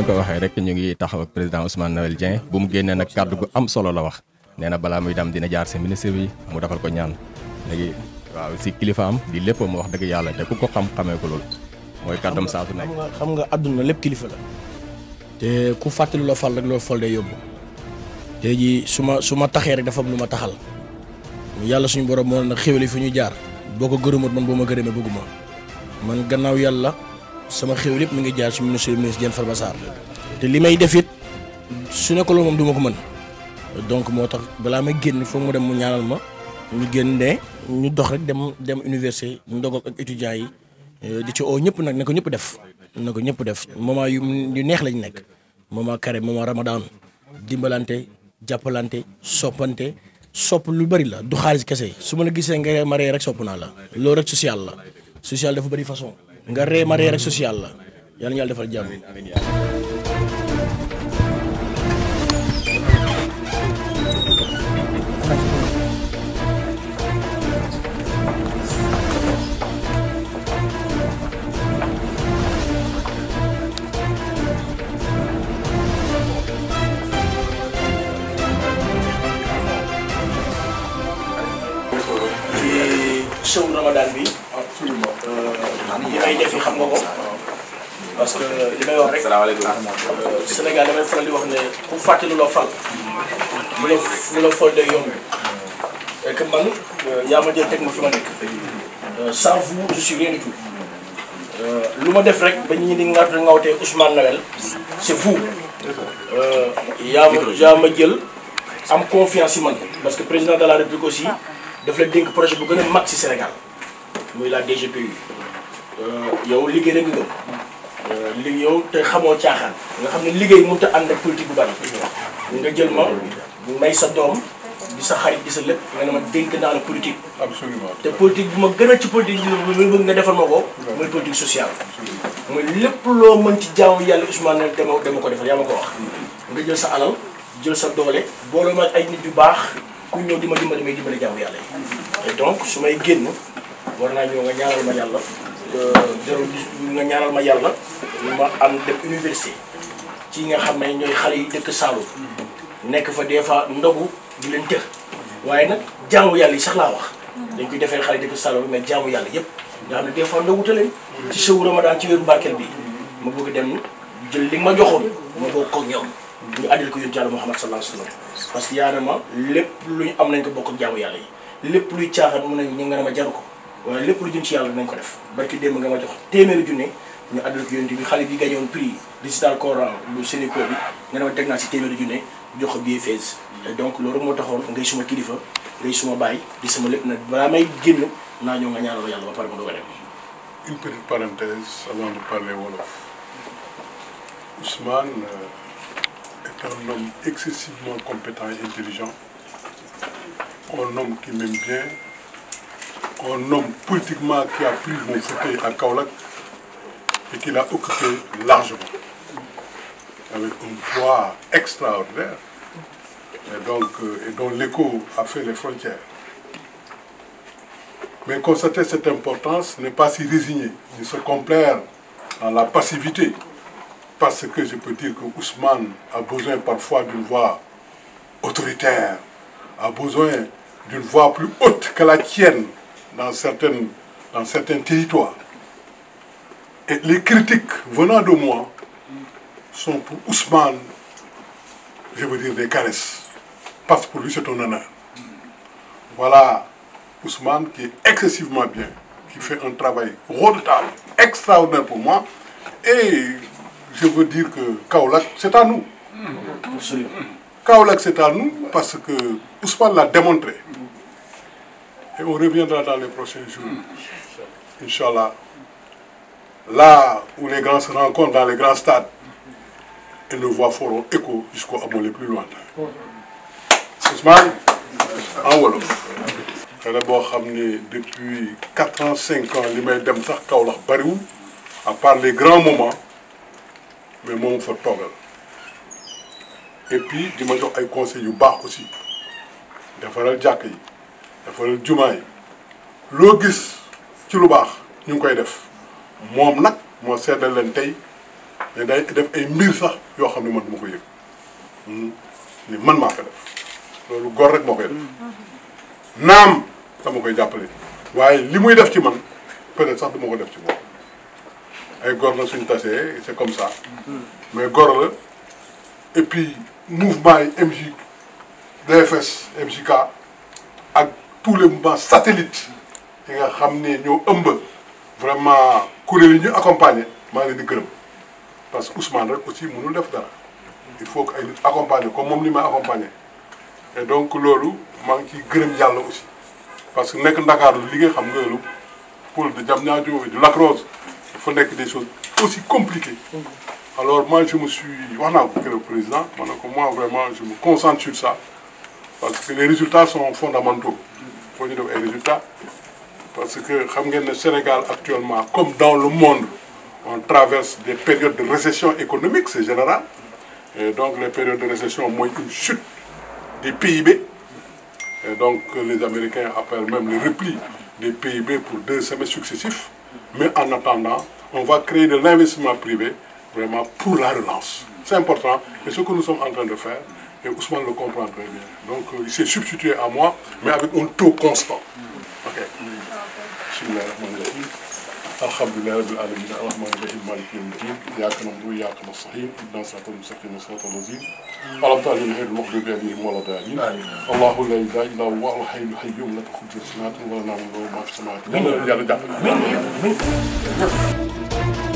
leen ko waxee rek ñu ngi taxaw président Ousmane Noël Dieng bu mu génnee nag kàddu gu am solo la wax nee na balaa muy dem dina jaar si ministre bi mu defal ko ñaan léegi waaw si kilifaam lépp mu wax dëgg yàlla te ko xam xamee ko mooy kàddam saa su xam nga àdduna lépp kilifa la te ku fàttali loo fal rek loo fal day yóbbu tey jii su ma su ma taxee rek dafa lu ma taxal yàlla suñu borom moo nag xéwali fu ñuy jaar boo ko gërëmat man boo ma gërëmee bëgguma man gannaaw yàlla sama xew lépp mu ngi jaar ci monsieur le ministre Diène Farba Sarr te li may def it su nekkul moom du ko mën donc moo tax balaa may génn foog mu dem mu ñaanal ma ñu génn ne ñu dox rek dem dem université ndogog ak étudiants yi euh, di ci oo ñëpp nag ne ko ñëpp def na ko ñëpp def moment yu yu neex lañ nekk moment moom moment ramadan dimbalante jàppalante soppante sopp lu bari la du xaalis kese su ma la gisee nga ma ree rek sopp naa la loolu rek social la social dafa bari façon nga ree ma ree social la yàlla ñu defal jàmm. show ay xam nga ko que li may wax rek Sénégal damay faral di wax ne ku fàtte lu la fal mu la man euh, yaa ma jël teg ma fi ma nekk euh, sans vous euh, ma def rek ba ñu di ngar ngawtee Ousmane Noël c'est vous yaa ma ma jël am confiance ma man parce que président de la république aussi daf la dénk projet bu gën a mag ci Sénégal muy la DGPU Euh, yow liggéey rek nga gëm. Euh, li yow te xamoo caaxaan. nga xam ne liggéey mënut a ànd ak politique bu bari. nga jël ma bu may sa doom. di sa xarit di sa lépp nga ma dénk naa la politique. absolument te politique bi ma gën a ci politique bi ma bëgg nga defal ma ko. mooy politique sociale. mooy lépp loo mën ci jaamu yàlla Ousmane dama dama ko defal yaa ma ko wax. Mm-hmm. nga jël sa alal jël sa doole. boole ma ay nit yu baax ku ñëw di ma dimbali may dimbali jaamu yàlla yi. Mm-hmm. et donc su may génn war naa ñëw nga ñaanal ma yàlla. Euh, jarul nga ñaanal ma yàlla ma am def université ci nga xam ne ñooy xale yi dëkk Saalum nekk fa des fois ndogu di leen tër waaye nag jaamu yàlla yi sax laa wax dañ koy defee xale yi dëkk Saalum mais jaamu yàlla yëpp nga xam ne des fois ndogute leen ci ma Ramadan ci weeru barkeel bi ma bëgg dem jël li ma joxoon ma bokk ak ñoom ñu àddil ko yónni yàlla Muhammad sallallahu alayhi parce que yaa ma lépp lu ñu am nañ ko bokk ak yàlla yi lépp luy caaxaan mun nañ ñu nga ne ma jaru ko wala lépp lu jëm ci yàlla dinañ ko def barki démb nga ma jox téeméeri junne ñu àddal ko yonent bi xale bi gagné woon prix digital Coran bu Sénéco bi nga ne ma teg si téeméeri junne jox ko billet Fès donc loolu moo taxoon ngay suma kilifa ngay suma bàyyi di sama lépp nag balaa may génn naa ñëw nga ñaanal yàlla ba pare a dem. une petite parenthèse avant de parler wolof Ousmane euh, est un homme excessivement compétent et intelligent un homme qui m'aime un homme politiquement qui a pris mon fauteuil à Kaolack et qui l'a occupé largement avec un poids extraordinaire et donc euh, l'écho a fait les frontières. Mais constater cette importance, ne pas s'y résigner, ni se complaire dans la passivité, parce que je peux dire que Ousmane a besoin parfois d'une voix autoritaire, a besoin d'une voix plus haute que la tienne dans, certaines, dans certains territoires. Et les critiques venant de moi sont pour Ousmane, je veux dire des caresses, parce que pour lui c'est un honneur. Voilà Ousmane qui est excessivement bien, qui fait un travail redoutable, extraordinaire pour moi. Et je veux dire que Kaolac, c'est à nous. Kaolac, c'est à nous parce que Ousmane l'a démontré. Et on reviendra dans les prochains jours. Inch'Allah. Là où les grands se dans les grands stades, et nos voix écho jusqu'au abon les plus lointains. Ousmane, en wolof. xale boo xam ni depuis quatre ans cinq ans li may dem sax Kaolack bariwul à part les grands moments mais moom fa toogal et puis di ma jox ay conseils yu baax aussi defaral jàkk yi. dafa jumaa yi loo gis ci lu baax ñu ngi koy def moom nag moo seddal leen tey ne day def ay mbir sax yoo xam ne man du ko yëg hmm? ni man maa ko loolu góor rek moo koy def hmm. naam dama koy jàppale waaye li muy def ci man peut-être sax duma ko def ci moom ay góor la suñu tasee c'est comme ça hmm. mais gor la et puis mouvement yi MJ DFS MJK tous les mouvements satellites yi nga xam ne ñoo ëmb vraiment kuréel yi ñu accompagner maa ngi leen di gërëm parce que Ousmane aussi mënul def dara il faut que ay accompagner comme moom li ma accompagner et donc loolu maa ngi ciy gërëm yàlla aussi parce que nekk Ndakaaru li nga xam nga loolu pour de Diamniadio du Lac Rose dafa nekk des choses aussi compliquées alors moi je me suis wax naa ko keroog président ma ne ko moi vraiment je me concentre sur ça parce que les résultats sont foog ñu def ay résultats parce que xam ngeen ne Sénégal actuellement comme dans le monde on traverse des périodes de récession économique c'est général et donc les périodes de récession mooy une chute du PIB et donc les Américains appellent même le repli du PIB pour deux semestres successifs mais en attendant on va créer de l'investissement privé vraiment pour la relance c'est important et ce que nous sommes en train de faire Et Ousmane le comprend très bien. Donc euh, il s'est substitué à moi, mais avec un taux constant. Ok. Bismillahirrahmanirrahim. Alhamdulillah rabbil alamin arrahman arrahim malik yawm din iyyaka na'budu wa iyyaka nasta'in ihdinas siratal mustaqim siratal ladzina an'amta alaihim ghayril maghdubi alaihim waladdallin Allahu la ilaha illa huwa al-hayyul qayyum la ta'khudhuhu sinatun wa la nawm lahu ma fis samawati wal ardi yàlla jàpp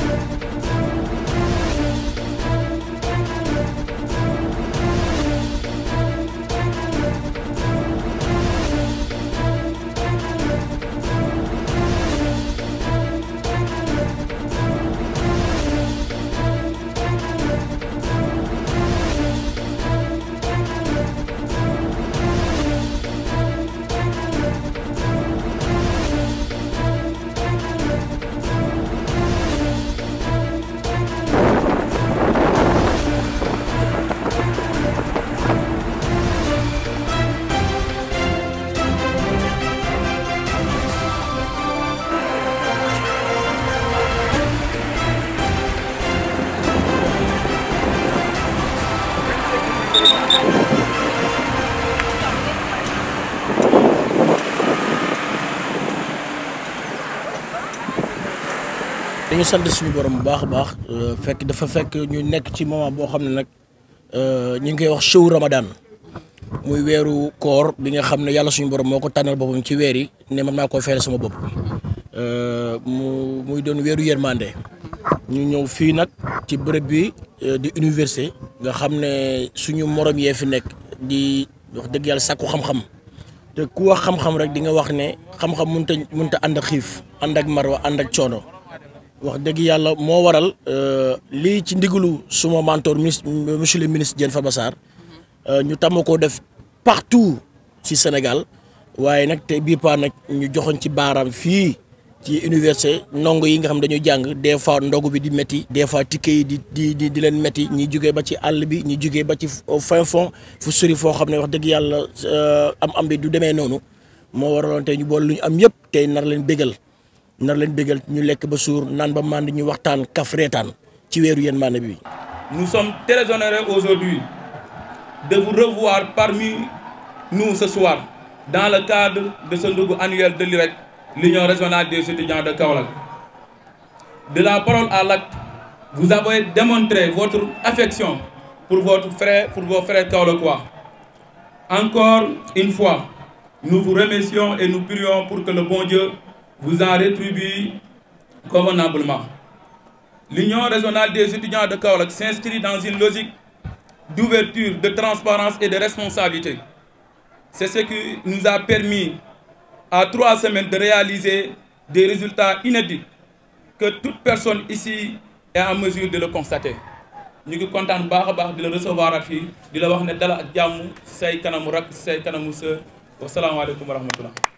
dañu sant suñu borom bu baax a baax euh, fekk dafa fekk ñu nekk ci moment boo xam ne nag euh, ñu ngi koy wax show Ramadan muy weeru koor bi nga xam ne yàlla suñu borom moo ko tànnal boppam ci weer yi ne man maa ko feere sama bopp euh, mu muy doon weeru yërmande ñu ñëw fii nag ci bërëb bi di université nga xam ne suñu morom yee fi nekk di wax dëgg yàlla sàkku xam-xam te ku wax xam-xam rek di nga wax ne xam-xam mënut a mënut a ànd ak xiif ànd ak marwa ànd ak coono. wax dëgg yàlla moo waral euh, lii ci ndigalu suma mentor ministre monsieur le ministre Diène Farba Sarr euh, ñu tàmm koo def partout ci Sénégal waaye nag te bii paa nag ñu joxoon ci baaraam fii ci université ndongo yi nga xam dañuy jàng des fois ndogu bi di métti des fois ticket yi di di di di leen métti ñi jugee ba ci àll bi ñi jugee ba ci fin fond fu sori foo xam ne wax dëgg yàlla euh, am am bi du demee noonu moo waraloon tey ñu bool lu ñu am yëpp tey nar leen bégal nar leen bégal ñu lekk ba suur naan ba mànd ñu waxtaan kaf reetaan ci weeru yéen maana bi. nous sommes très aujourd'hui de vous revoir parmi nous ce soir dans le cadre de ce ndogu annuel de l'UREC l'union régionale des étudiants de Kaolack de la parole à l'acte vous avez démontré votre affection pour votre frère pour vos frères kaolackois encore une fois nous vous remercions et nous prions pour que le bon Dieu vous en rétribue convenablement. L'Union régionale des étudiants de Kaolack s'inscrit dans une logique d'ouverture, de transparence et de responsabilité. C'est ce que nous a permis, à trois semaines, de réaliser des résultats inédits que toute personne ici est en mesure de le constater. ñu ngi kontaan bu baax a baax di la recevoir ak fii di la wax ne dala ak jàmm say kanamu rakk say kanamu sœur wasalaamaaleykum wa rahmatullah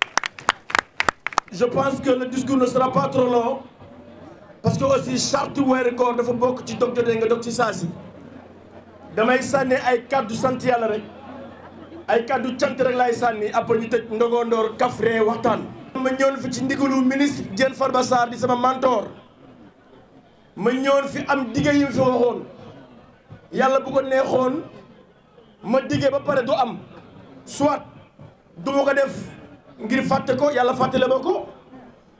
je pense que le discours ne sera pas trop long parce que aussi charte weeri koor dafa bokk ci dog jotee nga dog ci saa si damay sànni ay kàddu sant yàlla rek ay kàddu cant rek laay sànni après ñu tëj ndogoo ndoor kaf ree waxtaan ma ñëwoon fi ci ndigalu ministre Diène Farba Sarr di sama mentor ma ñëwoon fi am dige yi fi waxoon yàlla bu ko neexoon ma digee ba pare du am soit du ma ko def ngir fàtte ko yàlla fàttale ma ko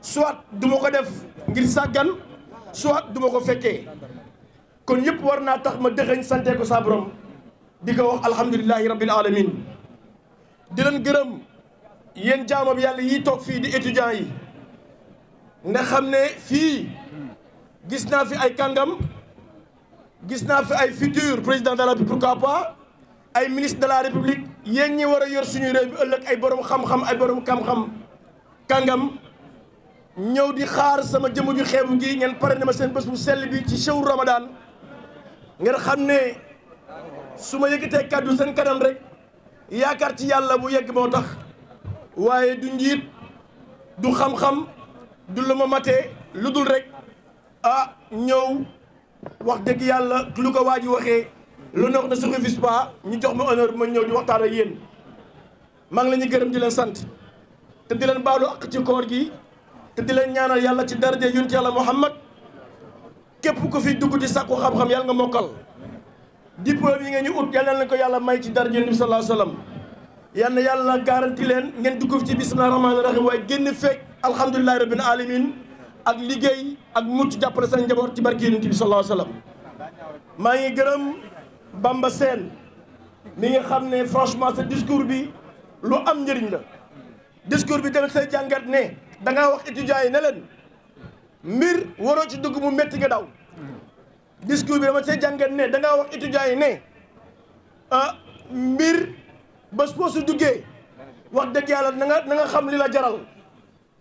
soit du ma ko def ngir sàggan soit duma ko fekkee kon yëpp war naa tax ma dëxëñ sante ko saa borom di ko wax alhamdulilahi rabbil alamin di leen gërëm yéen jaamo bi yàlla yi toog fii di étudiants yi nga xam ne fii gis naa fi ay kàngam gis naa fi ay futur président de la république pourquoi pas ay ministre de la république yéen ñi war a yor suñu réew bi ëllëg ay borom xam-xam ay borom xam-xam kàngam ñëw di xaar sama jëmm ju xeebu gi ngeen pare na ma seen bés bu sell bi ci chëw Ramadan ngeen xam ne su ma yëkkatee kàddu seen kanam rek yaakaar ci yàlla mu yegg moo tax waaye du njiit du xam-xam du lu ma mate lu dul rek ah ñëw wax dëgg yàlla lu ko waa ji waxee. l'honneur ne se refuse pas ñu jox ma honneur bi ma ñëw di waxtaan ak yéen maa ngi la ñuy gërëm di leen sant te di leen baalu ak ci koor gi te di leen ñaanal yàlla ci daraja yonent yàlla Muhammad képp ku fi dugg di sàkku xam-xam yàlla nga mokkal diplôme yi nga ñu ut yàlla na ko yàlla may ci daraja yonent bi sallallahu alayhi wasallam yal na yàlla garanti leen ngeen dugg ci bismillah rahmaani rahim waaye génn fekk alhamdulilahi rabbil alamin ak liggéey ak mucc jàppale seen njaboot ci barke yonent bi sallallahu alayhi wasallam maa ngi Bamba Sène mi nga xam ne franchement sa discours bi lu am njëriñ la discours bi tamit say jàngat ne da wax étudiants yi ne leen mbir waroo ci dugg mu métti nga daw discours bi dama say jàngat ne da ngaa wax étudiants yi ne ah mbir bés boo su duggee wax dëgg yàlla nanga nga nga xam li la jaral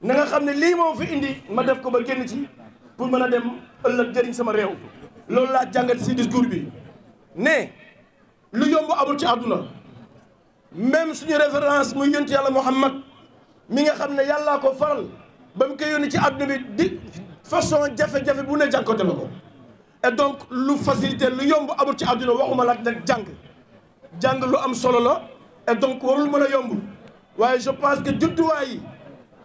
na xam ne lii moo fi indi ma def ko ba génn ci pour mën a dem ëllëg njëriñ sama réew loolu laa jàngat si discours bi. ne lu yomb amul ci àdduna même suñu référence muy yonent yàlla Muhammad mi nga xam ne yàllaa ko faral ba mu koy yónni ci àdduna bi di façon jafe-jafe bu ne jànkoonte la ko et donc lu facilité lu yomb amul ci àdduna waxuma la nag jàng jàng lu am solo la et donc warul mën a yomb waaye je pense que judduwaay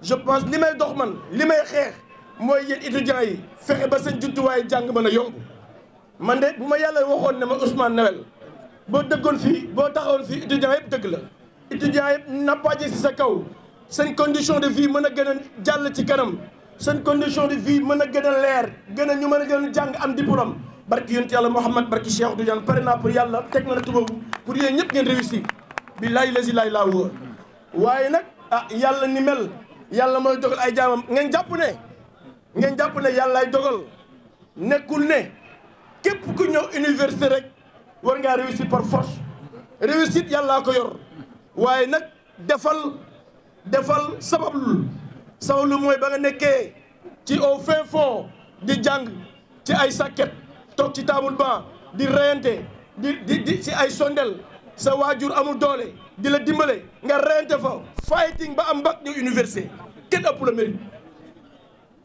je pense li may dox man li may xeex mooy yéen étudiants yi fexe ba seen judduwaay jàng mën a yomb man de bu ma yàlla waxoon ne ma Ousmane Noël boo dëggoon fii boo taxawoon fii étudiants yëpp dëgg la étudiants yëpp nappaaje si sa kaw seen condition de vie mën a gën a jàll ci kanam seen condition de vie mën a gën a leer gën a ñu mën a gën a jàng am diplôme barki yonent yàlla Mouhamad barki Cheikh Tidiane pare a pour yàlla teg na tuboobu pour yéen ñëpp ngeen réussir billaahi lazi laay laa wóor waaye nag ah yàlla ni yàlla mooy dogal ay jaamam ngeen jàpp ne ngeen jàpp ne yàllaay dogal nekkul ne képp ku ñëw université rek war ngaa réussir par force réussite yàllaa ko yor waaye nag defal defal sabablul sabablu mooy ba nga nekkee ci aw fin fond di jàng ci ay sàkket toog ci taabul ban di reyante di di di ci ay sondel sa waajur amul doole di la dimbale nga reyante fa fighting ba am bac ñu université kenn ëpp la mérite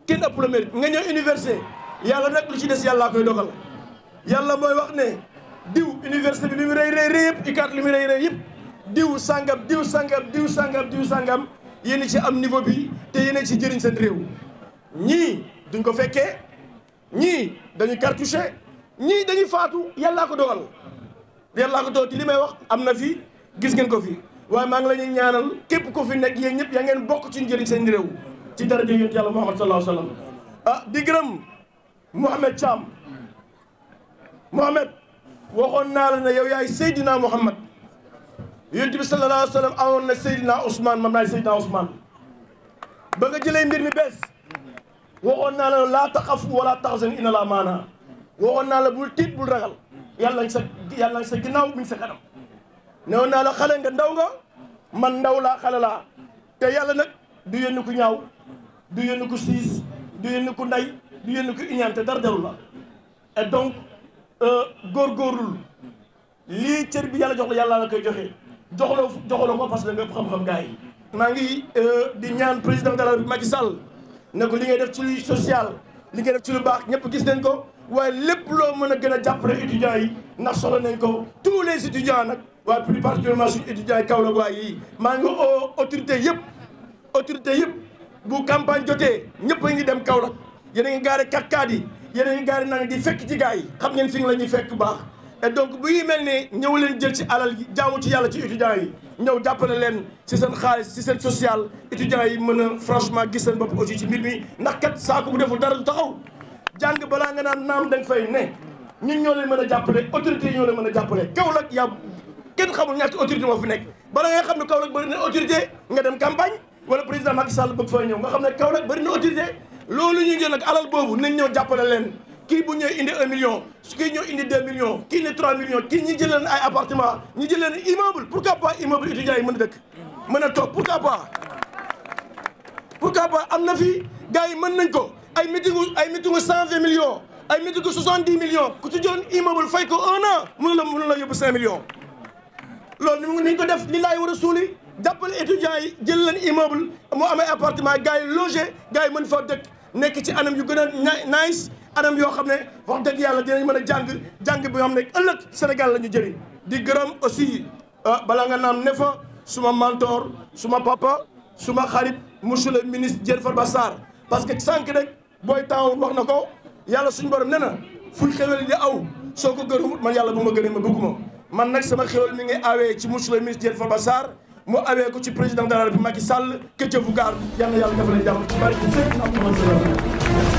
kenn ëpp la mérite nga ñëw université yàlla nag lu ci des yàllaa koy dogal yàlla mooy wax ne diw université bi li mu rëy rëy rëy yëpp UCAD li mu rëy rëy yëpp diw sangam diw sangam diw sangam diw sangam yéen a ci am niveau bi te yéen a ci jëriñ seen réew ñii duñ ko fekkee ñii dañu cartouché ñii dañuy faatu yàllaa ko dogal yàllaa ko dogal ci li may wax am na fi gis ngeen ko fi waaye maa ngi la ñuy ñaanal képp ko fi nekk yéen ñëpp yaa ngeen bokk ci njëriñ seen réew ci daraja yonent yàlla Muhammad sallallahu alayhi wa sallam a ah di gërëm Mouhamed Mohamed waxoon naa la ne yow yaay Seydina Mohamed yonent bi sallallahu alayhi wa sallam na Seydina Ousmane mam naay Seydina Ousmane ba nga jëlee mbir mi bees waxoon naa la laa taxaf wala taxzan inna laa maanaa waxoon naa la bul tiit bul ragal yàlla ngi sa yàlla ngi ginnaaw mi sa kanam newoon naa la xale nga ndaw nga man ndaw laa xale laa te yàlla nag du yónni ku ñaaw du yónni ku siis du yónni ku nday du yónni ku iñaante dara jarul la et donc góor euh, góorgóorlu lii cër bi yàlla jox la yàlla na koy joxe joxloo joxloo ko parce que nga xam-xam gars yi. maa ngi euh, di ñaan président de la République Macky Sall ne ko li ngay def ci lu social li ngay def ci lu baax ñëpp gis nañ ko waaye lépp loo mën a gën a jàppale étudiants yi ndax soxla nañ ko tous les étudiants nag waaye plus particulièrement suñu étudiants yi Kaolack waa yi maa ngi o autorité yëpp autorité yëpp bu campagne jotee ñëpp ngi dem Kaolack yéen a ngi gaare 4 x yi. yéen a ngi gaari di fekk ci gars yi xam ngeen fi nga la ñuy fekk baax et donc bu yi mel ne ñëw leen jël ci alal yi jaamu ci yàlla ci étudiants yi ñëw jàppale leen si seen xaalis si seen social étudiants yi mën a franchement gis seen bopp aussi ci mbir mi ndax kat saako bu deful dara du taxaw jàng balaa nga naan naam da nga fay ne ñun ñoo leen mën a jàppale autorité ñoo leen mën a jàppale Kaolack yaa kenn xamul ñaata autorité moo fi nekk bala nga xam ne Kaolack bëri na autorité nga dem campagne wala président Macky Sall bëgg fay ñëw nga xam ne Kaolack bëri na autorité loolu ñu jël nag alal boobu nañ ñëw jàppale leen kii bu ñu indi un million su kii ñëw indi deux millions kii ne trois millions ñi jël leen ay appartement ñi jël leen immeuble pourquoi pas immeuble étudiant yi mën a dëkk mën a toog pourquoi pas pourquoi pas am na fi gars yi mën nañ ko ay meetingu ay meetingu cent vingt millions ay meetingu soixante million millions ku ci jëloon immeuble fay ko un an mënu la mënu la yóbbu cinq millions loolu ni ñu ko def li laay war a suuli jàppale étudiants yi jël leen immeuble mu amee appartement gars yi logé yi mën fa dëkk nekk ci anam yu gën a nice anam yoo xam ne wax dëgg yàlla dinañ mën a jàng jàng bi xam ne ëllëg Sénégal la ñu jëriñ di gërëm aussi euh, balaa nga naan ne fa suma mentor suma papa suma xarit monsieur le jën fa ba saar parce que sànq rek booy taawul wax na ko yàlla suñu borom ne na ful xewel di aw soo ko gërëmut man yàlla bu ma gëree ma bëgguma man nag sama xewel mi ngi awee ci monsieur le ministre Diène ba saar mu awee ko ci président de la République Macky Sall que Dieu vous garde yal na yàlla defal leen jàmm ci barke Seydina Muhammad